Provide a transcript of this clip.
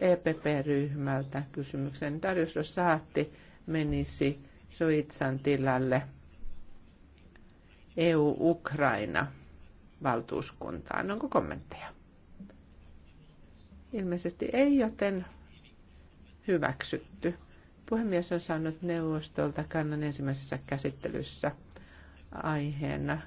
EPP-ryhmältä kysymyksen. Darius Rosati menisi Suitsan tilalle EU-Ukraina valtuuskuntaan. Onko kommentteja? Ilmeisesti ei, joten hyväksytty. Puhemies on saanut neuvostolta kannan ensimmäisessä käsittelyssä aiheena